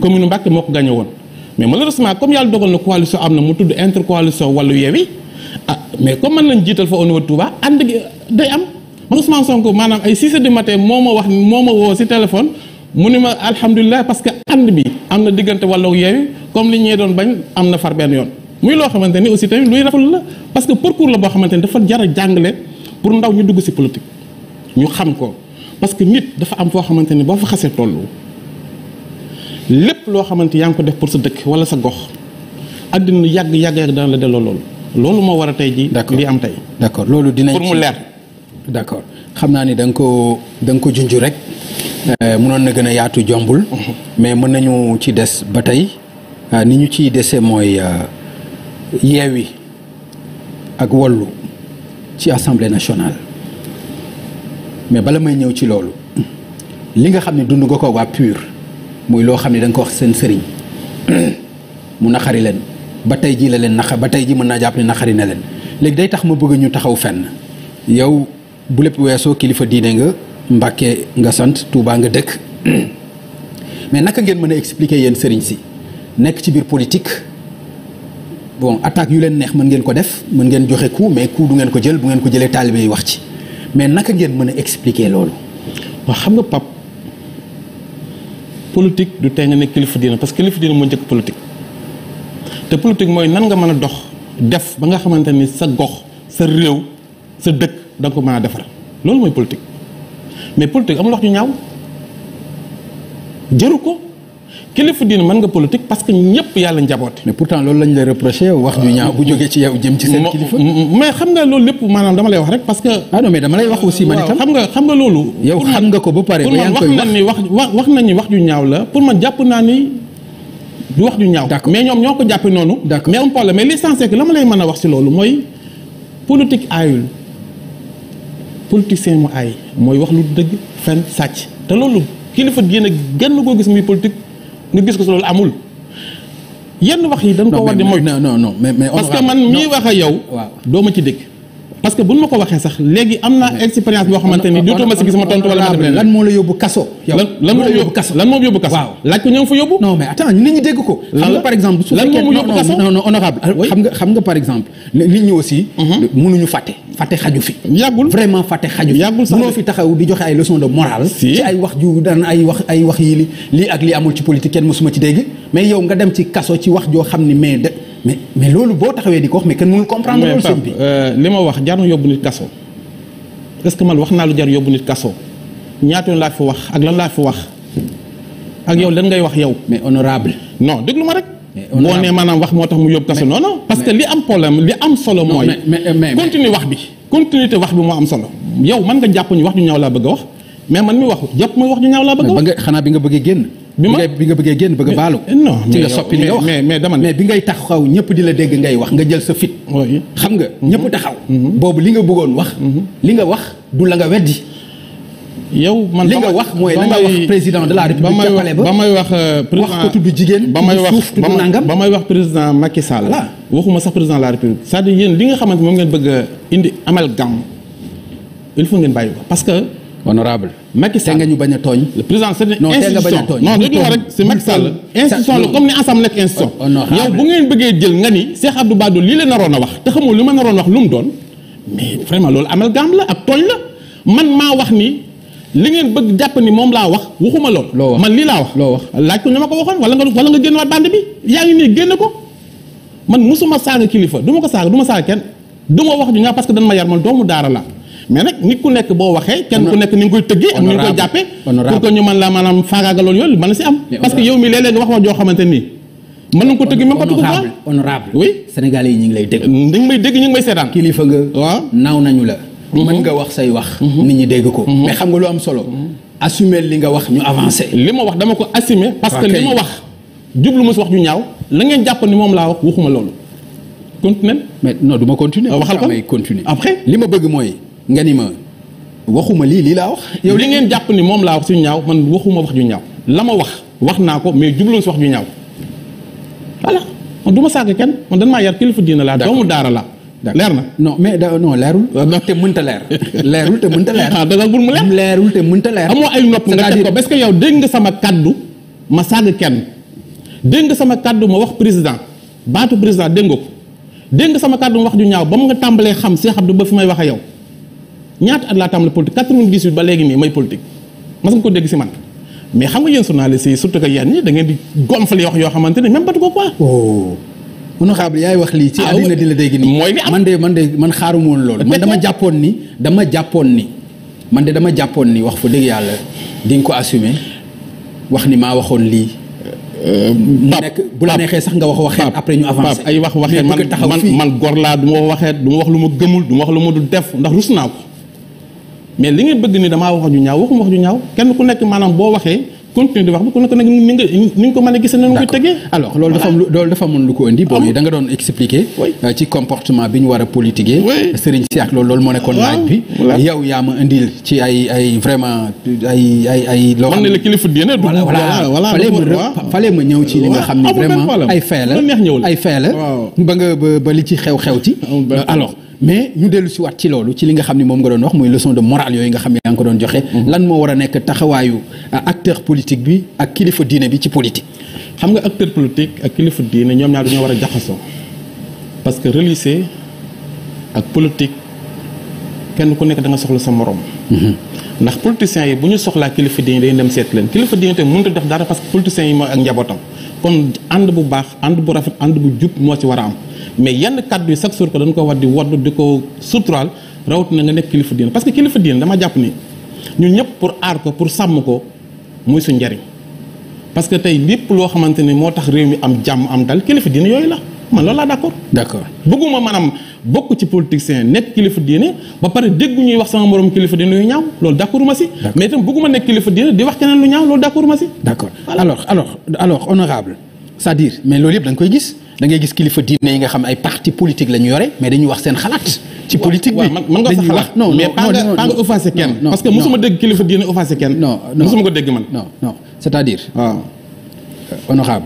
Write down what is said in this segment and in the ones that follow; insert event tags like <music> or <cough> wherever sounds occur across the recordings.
commune Mbacke moo ko gagné woon mais malheureusement comme yàlla dogal na coalition am na mu tudd intercoalition wàllu yeewi ah mais comme man nañ jiital fa au niveau Touba ànd gi day am man Ousmane Sonko maanaam ay 6 heures du moo ma wax moo ma woo si téléphone mu ni ma alhamdulilah parce que ànd bi am na diggante wàllu yeewi comme li ñee doon bañ am na far benn yoon. muy loo xamante ni aussi tamit luy rafetlu la parce que parcours la boo xamante ni dafa jar a jàngale pour ndaw ñu dugg si politique ñu xam ko parce que nit dafa am foo xamante ni boo fa xasee tollu. lépp loo xamante yaa ngi ko def pour sa dëkk wala sa gox àddina yàgg yàgg yàgg daan la delloo loolu loolu moo war a tey ji li am tey d'accord loolu dinañ mu leer d'accord xam naa ni da nga ko ko junj rek euh, mënoon na gën a yaatu jombul <laughs> mais mën nañu ci des ba tey euh, ni ñu ciy desee mooy euh, yeewi ak wallu ci assemblée nationale mais bala may ñëw ci loolu li nga xam ne dund nga ko waa PUR muy loo xam ne da ko wax seen sëriñ <clears throat> mu naqari leen ba tey jii la leen naxa ba tey jii mën naa jàpp ne naqari na leen léegi day tax ma bëgg ñu taxaw fenn yow bu lépp weesoo kilifa diine nga Mbàkke nga sant Tuubaa nga dëkk <clears throat> mais naka ngeen mën a expliquer yéen sëriñ si nekk ci biir politik bon attaque yu leen neex mën ngeen ko def mën ngeen joxe coup mais ku du ngeen ko jël bu ngeen ko jëlee taalibe yi wax ci mais naka ngeen mën a expliquer loolu. politique du tee nga nekk kilifa diina parce que kilifa diina moo njëkk politique te politique mooy nan nga mën a dox def ba nga xamante ni sa gox sa réew sa dëkk da ko mën a defar loolu mooy politique mais politique amul wax ñu ñaaw jëru ko kilifa diine mën nga politique parce que ñëpp yàlla njaboote. mais xam nga loolu lépp maanaam dama lay wax rek parce que. ah non mais dama lay wax aussi man itam xam nga xam nga loolu. yow xam nga ko ba pare. ba yaa ngi wax pour wax nañ ñaaw la pour man jàpp naa ni du wax ju ñaaw. mais ñoom ñoo ko jàppee noonu. mais la ma lay mën a wax si loolu mooy politique aayul politicien mu aay mooy wax lu dëgg fen sàcc te loolu kilifa diine gën koo gis muy politique ñu gis ko si loolu amul yenn wax yi dañ ko war di moytu non non no mais mais man mii wax a yow doo ma ci dégg parce que buñ ma ko waxee sax léegi am naa expérience boo xamante ni dootoo ma ko ñoo nit ñi dégg ko xam nga par exemple su fekkee non non honorable ah, xam nga xam nga par exemple nit ñi aussi mënuñu mhm. fàtte fàtte xaju fi yàggul vraiment fàtte xaju fi yàggul sax mënoo fi taxaw di joxe ay leçon de morale ci ay wax ju daan ay wax ay wax yi li lii ak lii amul ci politique kenn mësuma ci dégg mais yow nga dem ci kaso ci wax joo xam ni mais mais mais loolu boo taxawee di ko wax mais kenn mënul comprendre loolu euh, li ma wax jar na yóbbu nit kaso est-ce que man wax naa lu jar yóbbu nit kaso ñaata yoon laa fi wax ak lan laa fi wax ak yow lan ngay wax yow. mais honorable non déglu ma rek. boo nee maanaam wax moo tax mu yóbbu kaso non non. parce que li am problème li am solo. mooy continue wax bi. continuité wax bi moo am solo. yow man nga jàpp ñu wax ñu ñaw laa bëgg a wax mais man mi wax jàpp mooy wax ñu ñaaw laa bëgg a wax. xanaa bi nga bëggee génn. bi ma bi nga bëggee génn bëgg a baalu. non ci nga soppi mais mais dama mais bi ngay xaw ñëpp di la dégg ngay wax nga jël sa fit. xam nga mhm. ñëpp taxaw. Mhm. boobu li nga bëggoon wax. Mhm. li nga wax du la nga weddi. yow man li nga wax mooy la nga wax président de la république ca palais ba ba may wax président euh, wax ko tudd jigéen. ba may wax ba may wax président Macky Sall. waxuma sax président de la république. saa à dire li nga xamante moom ngeen bëgg a indi amalgame il faut ngeen bàyyi ko honorable Macky Sall nga ñu bañ a tooñ. le président c'est une institution non du rek c'est Macky Sall institution la comme ni ensemble nekk institution. Oh, yow bu ngeen bëggee jël nga ni Cheikh Abdou Bara Dolly lii la naroon a wax te xamoo li ma naroon wax lu mu doon mais vraiment loolu amalgame la ak tooñ la man maa wax ni li ngeen bëgg jàpp ni moom laa wax waxuma lool. man lii laa wax. loo wax laaj ko ñu ma ko waxoon wala nga wala nga génn waat bande bi yaa ngi nii génn ko man mosuma saaga kilifa du ma ko saaga du ma saaga kenn du ma wax ju ñaaw parce que dañ ma yar daara la mais nag nit ku nekk boo waxee kenn ku nekk ni nga koy tëggee ak ni nga koy jàppee pour que ñu mën la maanaam faagaagaloon yooyu mën si am parce que yow mi léeg-léeg nga wax wax joo xamante nii mën naña ko tëgg même ñu ngi lay dégg ñu ngi dégg ñu ngi may seetaan kilifa nga naaw nañu la mhm. mën nga wax say wax mhm. nit ñi dégg ko mhm. mais xam nga lu am solo assume li nga wax ñu avancé li ma wax dama ko assumer parce que li ma wax jublu ma si wax ju ñaaw la ngeen jàpp ni moom laa wax waxuma loolu continuer mais non du ma continuer ah, waxal ko continuer après li ma bëgg mooy nga ni ma waxuma lii lii laa wax. yow li ngeen jàpp ni moom laa wax suñ ñaaw man waxuma wax ju ñaaw la ma wax wax naa ko mais jubluwoon si wax ju ñaaw voilà du ma saaga kenn man dan maa yar kilifa diina laa. doomu daara laa. leer na non mais da non leerul. Euh, te mënta leer. <laughs> leerul te mënta leer. ah danga bul mu leer. leerul te mënta leer. amoo ay nopp nga teg ko parce que yow dégg nga sama kaddu ma saaga kenn dégg nga sama kàddu ma wax président baatu président dégg nga ko dégg nga sama kàddu ma wax ju ñaaw ba mu nga tàmbalee xam Cheikh Abdou ba fi may wax ak yow. ñaat at laa tàmbali politique 98 ba léegi nii may politique mas nga ko dégg si man mais xam nga yéen journaliste yi surtout que yéen ñi da ngeen di gonfale wax yoo oh. yaay wax lii ci ah, di la dégg mooy man man man xaaruma woon loolu man dama jàppoon ni dama jàppoon ni man de dama jàppoon ni wax fa dëgg yàlla di nga ko assumer wax ni maa waxoon lii euh, mu nekk bu la neexee sax nga wax waxeet après ñu avancer ay wax waxeet man man man gor laa du ma waxeet du ma wax lu ma gëmul du ma wax lu ma du def ndax rus naa ko mais li ngay bëgg ni damaa wax ju ñaw waxuma wax ju ñaaw kenn ku nekk maanaam boo waxee continuer di wax bu ku nekk nag ni nga ni nga ko mën a gisee noonu nga koy tegee alors loolu dafa loolu dafa mën lu ko indi boobu da nga doon expliquer euh, a politiquer Serigne si ak loolu loolu moo nekkoon yaa ma indil ci ay vraiment ay ay ay loo xam ne la kilifa diine du voilà fallait ma ñëw ci nga xam ne vraiment ay fay la ay fay la ba nga ba li ci xew xew ci euh, alors mais ñu dellu si ci loolu ci li nga xam ne moom nga doon wax muy leçon de morale yooyu nga xam ne yaa ngi ko doon joxe. Mhm. lan moo war a nekk taxawaayu euh, acteur politique bi ak kilifa diine bi ci politique. xam nga acteur politique ak kilifa diine ñoom ñaar dañoo war a jaxasoo parce que religieux ak politique kenn ku nekk da nga soxla sa morom. Mhm. ndax politiciens yi bu ñu soxlaa kilifa diine dañuy dem seet leen kilifa diine te mënut a def dara parce que politiciens yi mooy ak njabootam kon ànd bu baax ànd bu rafet ànd bu jub moo ci war a am. mais yenn kàddu yi chaque jour que dañ ko war di wodd di ko suturaal rawat na nga nekk kilifa diine parce que kilifa diine dama jàpp ni ñun ñëpp pour aar ko pour sàmm ko mooy su njariñ parce que tey lépp loo xamante ni moo tax réew mi am jàmm am dal kilifa diine yooyu la man loolu laa d'accord d'accord bëgguma maanaam bokk ci politicien nekk kilifa diine ba pare dégg ñuy wax sama morom kilifa diine yu ñaaw loolu d'accord ma si mais itam bëgguma nekk kilifa diine di wax keneen lu ñaaw loolu d'accord ma si d'accord alors alors alors honorable c'est-à-dire mais loolu yëpp da nga koy gis dangay gis kilifa diine yi nga xam ay parti politique la ñu yore mais dañuy wax seen xalaat. ci politique bi man nga sa xalaat non mais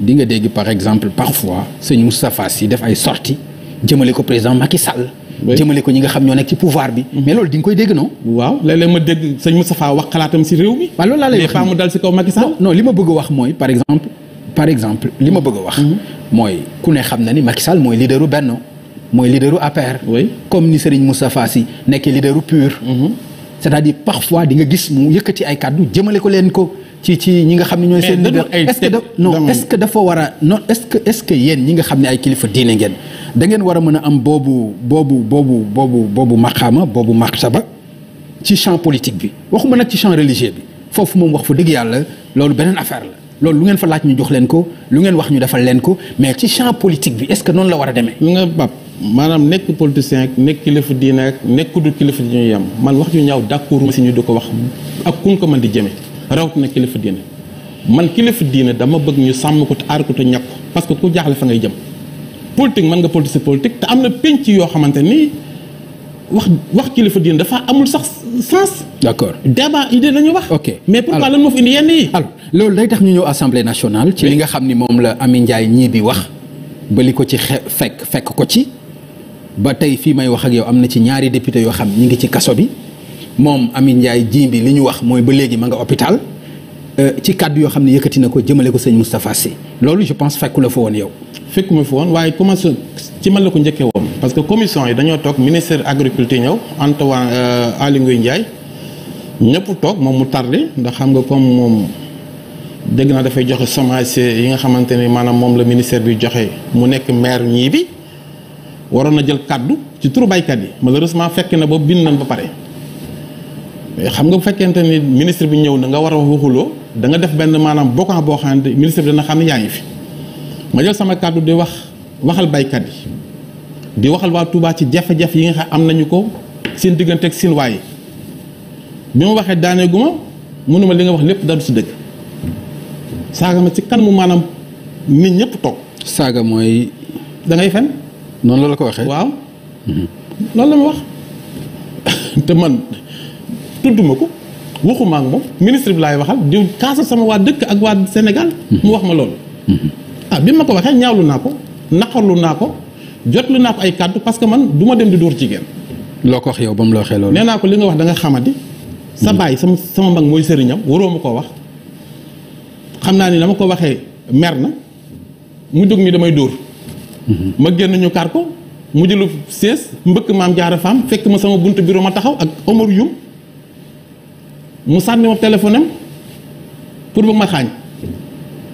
di nga dégg par exemple parfois sëñ Moustapha Sy def ay sorties jëmale ko président Macky Sall. jëmale ko ñi nga xam ñoo nekk ci pouvoir bi. Mhm. mais loolu di nga koy dégg non. waaw léeg-léeg ma dégg si réew mi. waaw loolu laa lay wax mais pas li ma bëgg a wax mooy par exemple. par exemple li ma bëgg a wax. Mhm. mooy ku ne xam na ni Macky Sall mooy leaderu benn mooy leaderu APR. oui comme ni Serigne Moustapha Sy nekkee leaderu PUR. Mm-hmm. c'est-à-dire parfois di nga gis mu yëkkati ay kàddu jëmale ko leen ko ci ci ñi nga xam ne ñooy. seen leader est-ce que non est-ce war a non est-ce que est-ce que yéen ñi nga xam ne ay kilifa diine ngeen dangeen ngeen war a mën a am boobu boobu boobu boobu boobu maqaama boobu martaba ci champ politique bi waxuma nag ci champ religieux bi foofu moom wax fu dëgg yàlla loolu beneen affaire la. loolu lu ngeen fa laaj ñu jox leen ko lu ngeen wax ñu defal leen ko mais ci champ politique bi est-ce que noonu la war a demee. nga bab maanaam nekk politicien nekk kilifa diine ak nekk du kilifa di ñu yem man wax ju ñaaw d'accord ma si ñu di ko wax ak kuñ ko mën di jëme rawatina kilifa diine man kilifa diine dama bëgg ñu sàmm ko te aar ko te ñàkk parce que ku jaaxle fa ngay jëm politique mën nga politique politique te am na penc yoo xamante ni. wax wax kilifa diin dafa amul sax sens. d'accord débat idée la ñu wax. ok mais pourquoi lan moo fi indi yenn yi. loolu day tax ñu ñëw assemblée nationale. ci li nga xam ni moom la Amy njaay ñii bi wax. ba li ko ci xe fekk fekk ko ci. ba tey fii may wax ak yow am na ci ñaari député yoo xam ñu ngi ci kaso bi moom Amy Ndiaye jii bi li ñu wax mooy ba léegi ma nga hôpital. Euh, ci kàddu yoo xam ne yëkkati na ko jëmale ko sëñ Moustapha Sy loolu je pense fekku la yow. ci man la ko njëkkee woon parce que commission yi dañoo toog ministère agriculture ñëw Antoine euh, Aly Ngouille Ndiaye ñëpp toog moom mu tardé ndax xam nga comme moom dégg naa dafay joxe semence yi nga xamante ne maanaam moom la ministère bi joxe mu nekk maire ñii bi waroon na jël kàddu ci turu baykat yi malheureusement fekk na ba bind nañ ba pare. xam nga bu fekkente ni ministre bi ñëw na nga war a waxuloo danga def benn maanaam bokkan boo xam ne ministre bi xam ne yaa ngi fi waxal baykat yi di waxal waa tubaa ci jafe-jafe yi nga xam am nañu ko seen diggante ak seen waay bi ma waxee daanee gu ma mënuma li nga wax lépp dara si dëgg saaga ma ci kanamu maanaam nit ñëpp toog. saaga mooy. da ngay fen. noonu la la ko waxee. waaw loolu mhm. la ma wax <laughs> te man tudduma ko waxuma ak moom ministre bi laay waxal di kaasa sama waa dëkk ak waa Sénégal. Mhm. mu wax ma loolu. Mhm. ah bi ma ko waxee ñaawlu naa ko. naqarlu naa ko jotlu naa ko ay kàddu parce que man du ma dem di dóor jigéen. loo ko wax yow ba mu la waxee loolu. nee naa ko li nga wax da nga xamadi. sa hmm. baay sama sama mag mooy sëriñam waroo ma koo wax xam naa ni dama ko waxee mer na mu jóg ni damay dóor. Hmm. ma génn ñu kar ko mu jëlu sees mbëkk maam jaara faam fekk ma sama buntu bureau ma taxaw ak Omar Youm mu sànni ma téléphone pour bëgg ma xaañ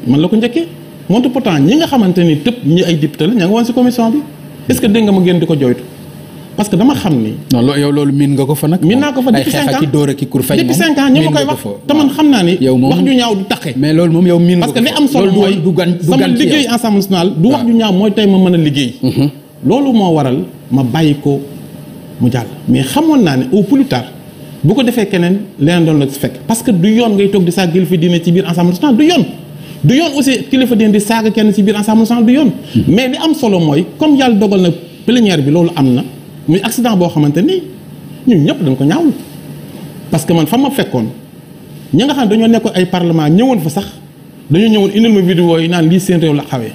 man la ko njëkkee. moonte pourtant ñi nga xamante ni tëpp ñi ay député la ña nga woon si commission bi est-ce ma génn di ko jooytu parce que dama xam ni. moom loo yow loolu miin nga ko fa nag. miin naa ko fa depuis ma koy wax ko parce am solo mooy du gan sama liggéey Assemblée nationale du wax ju ñaaw mooy tey ma mën a liggéey. Mhm. loolu moo waral ma bàyyi ko mu jàll. mais xamoon naa ne au plus tard bu ko defee keneen leneen doon la fekk parce du yoon ngay toog di saa gil dina ci biir Assemblée nationale du yoon. du yoon aussi kilifa dina di saaga kenn ci biir ensemble du yoon. mais li am solo mooy comme yàlla dogal na plénière bi loolu am na muy accident boo xamante ni ñun ñëpp dañ ko ñaawlu parce que man fa ma fekkoon ñu nga xam ne dañoo nekkoon ay parlement ñëwoon fa sax dañoo ñëwoon indil ma vidéo yi naan lii seen réew la xawee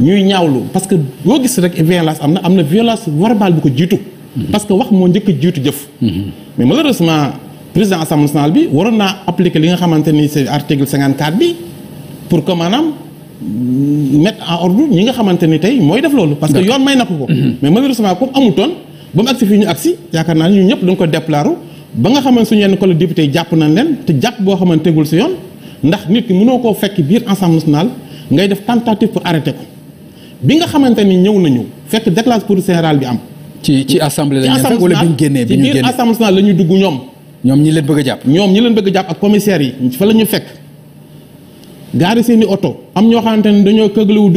ñuy ñaawlu parce que boo gis rek violence am na am na violence verbale bu ko jiitu. parce que wax moo njëkk a jiitu jëf. mais ma président assemblée nationale bi waroon naa appliquer li nga xamante ni c'est article 54 bi. pour que maanaam mettre en ordre ñi nga xamante ni tey mooy def loolu. parce que yoon may na ko ko. Mhm. mais malheureusement comme amutoon ba mu agsi fii ñu agsi yaakaar naa ne ñun ñëpp dañ ko déplaaru ba nga xamante suñu yenn collègue jàpp nañ leen te jàpp boo xamante tegul si yoon ndax nit ki mënoo koo fekk biir Assemblée nationale ngay def tentative pour arrêter ko bi nga xamante ni ñëw nañu fekk déclaration pour générale bi am. ci ci assemblée la ñu wala bi ñu génnee bi ñu génnee ci dugg ñoom. ñoom ñi leen bëgg a jàpp. ñoom ñi leen bëgg a jàpp ak commissaire yi fa la ñu fekk gaari seen i oto am ñoo xamante ne dañoo këglu